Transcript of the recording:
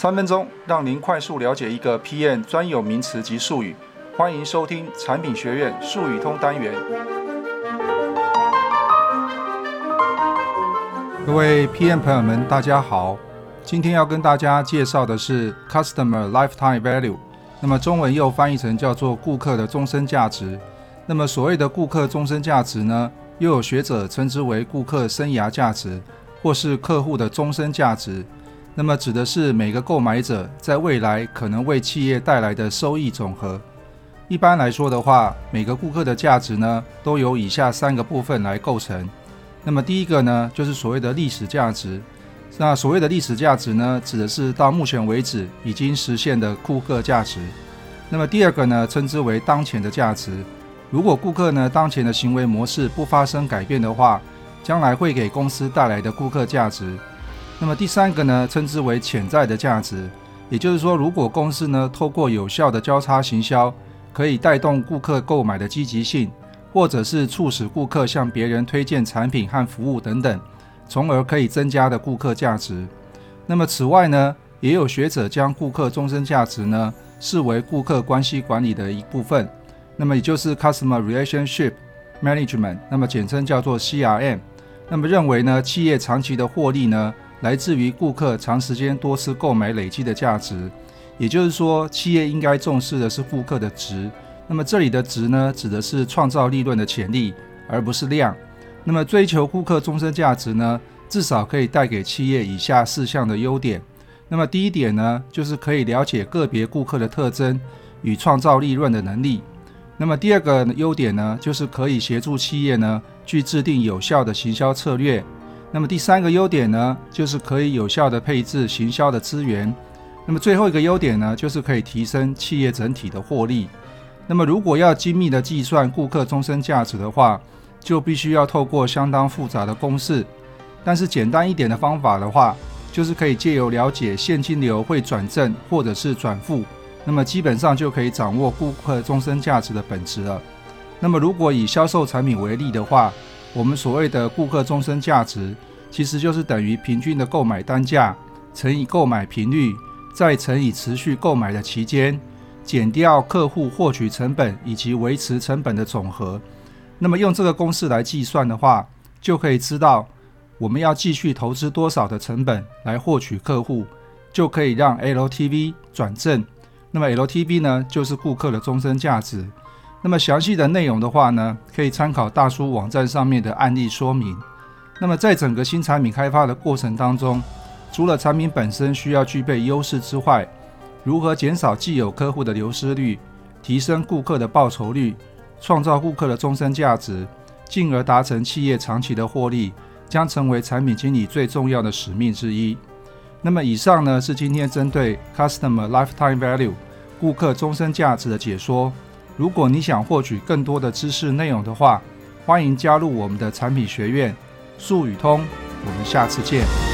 三分鐘讓您快速了解一個 PM 專有名詞及術語，歡迎收聽產品學院術語通單元。各位 PM 朋友們，大家好，今天要跟大家介紹的是 Customer Lifetime Value，那麼中文又翻譯成叫做顧客的終身價值。那麼所謂的顧客終身價值呢，又有學者稱之為顧客生涯價值，或是客戶的終身價值。那麼指的是每個購買者在未來可能為企業帶來的收益總和。一般來說的話，每個顧客的價值呢，都由以下三個部分來構成。那麼第一個呢，就是所謂的歷史價值。那所謂的歷史價值呢，指的是到目前為止已經實現的顧客價值。那麼第二個呢，稱之為當前的價值。如果顧客呢當前的行為模式不發生改變的話，將來會給公司帶來的顧客價值。那麼第三個呢，稱之為潛在的價值，也就是說，如果公司呢，透過有效的交叉行銷，可以帶動顧客購買的積極性，或者是促使顧客向別人推薦產品和服務等等，從而可以增加的顧客價值。那麼此外呢，也有學者將顧客終身價值呢，視為顧客關係管理的一部分，那麼也就是 Customer Relationship Management，那麼簡稱叫做 CRM，那麼認為呢，企業長期的獲利呢。來自於顧客長時間多次購買累積的價值，也就是說，企業應該重視的是顧客的值。那麼這裡的值呢，指的是創造利潤的潛力，而不是量。那麼追求顧客終身價值呢，至少可以帶給企業以下四項的優點。那麼第一點呢，就是可以了解個別顧客的特徵與創造利潤的能力。那麼第二個優點呢，就是可以協助企業呢去制定有效的行銷策略。那麼第三個優點呢，就是可以有效地配置行銷的資源。那麼最後一個優點呢，就是可以提升企業整體的獲利。那麼如果要精密地計算顧客終身價值的話，就必須要透過相當複雜的公式。但是簡單一點的方法的話，就是可以借由了解現金流會轉正或者是轉負，那麼基本上就可以掌握顧客終身價值的本質了。那麼如果以銷售產品為例的話，我們所謂的顧客終身價值，其實就是等於平均的購買單價乘以購買頻率，再乘以持續購買的期間，減掉客戶獲取成本以及維持成本的總和。那麼用這個公式來計算的話，就可以知道我們要繼續投資多少的成本來獲取客戶，就可以讓 LTV 轉正。那麼 LTV 呢，就是顧客的終身價值。那麼詳細的內容的話呢，可以參考大叔網站上面的案例說明。那麼在整個新產品開發的過程當中，除了產品本身需要具備優勢之外，如何減少既有客戶的流失率，提升顧客的報酬率，創造顧客的終身價值，進而達成企業長期的獲利，將成為產品經理最重要的使命之一。那麼以上呢，是今天針對 Customer Lifetime Value 顧客終身價值的解說。如果你想獲取更多的知識內容的話，歡迎加入我們的產品學院術語通。我們下次見。